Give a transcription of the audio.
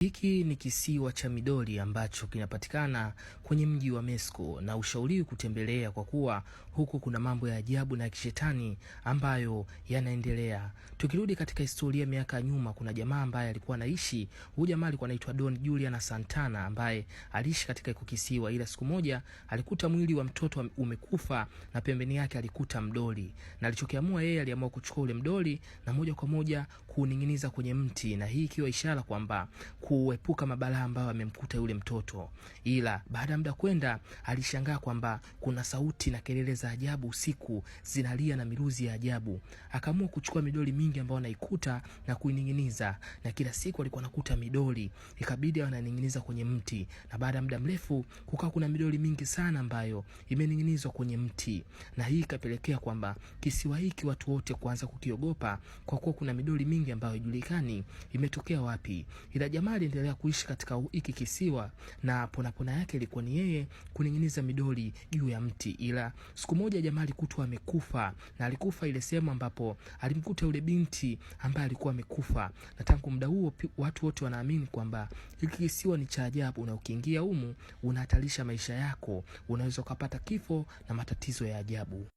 Hiki ni kisiwa cha Midori ambacho kinapatikana kwenye mji wa Mexico na ushauriwi kutembelea kwa kuwa huku kuna mambo ya ajabu na ya kishetani ambayo yanaendelea. Tukirudi katika historia miaka ya nyuma, kuna jamaa ambaye alikuwa anaishi. Huyu jamaa alikuwa anaitwa Don Julian Santana ambaye aliishi katika iko kisiwa, ila siku moja alikuta mwili wa mtoto umekufa na pembeni yake alikuta mdoli, na alichokiamua yeye, aliamua kuchukua ule mdoli na moja kwa moja kuuning'iniza kwenye mti, na hii ikiwa ishara kwamba kuepuka mabalaa ambayo amemkuta yule mtoto, ila baada ya muda kwenda alishangaa kwamba kuna sauti na kelele za ajabu usiku zinalia na miruzi ya ajabu. Akaamua kuchukua midoli mingi ambayo anaikuta na kuining'iniza, na kila siku alikuwa anakuta midoli, ikabidi ananing'iniza kwenye mti, na baada ya muda mrefu kukaa kuna midoli mingi sana ambayo imening'inizwa kwenye mti, na hii ikapelekea kwamba kisiwa hiki watu wote kuanza kukiogopa kwa kuwa kuna midoli mingi ambayo ijulikani imetokea wapi, ila jamaa aliendelea kuishi katika hiki kisiwa, na ponapona yake ilikuwa ni yeye kuning'iniza midoli juu ya mti. Ila siku moja jamaa alikutwa amekufa, na alikufa ile sehemu ambapo alimkuta yule binti ambaye alikuwa amekufa, na tangu muda huo watu wote wanaamini kwamba hiki kisiwa ni cha ajabu, na ukiingia humu unahatarisha maisha yako, unaweza ukapata kifo na matatizo ya ajabu.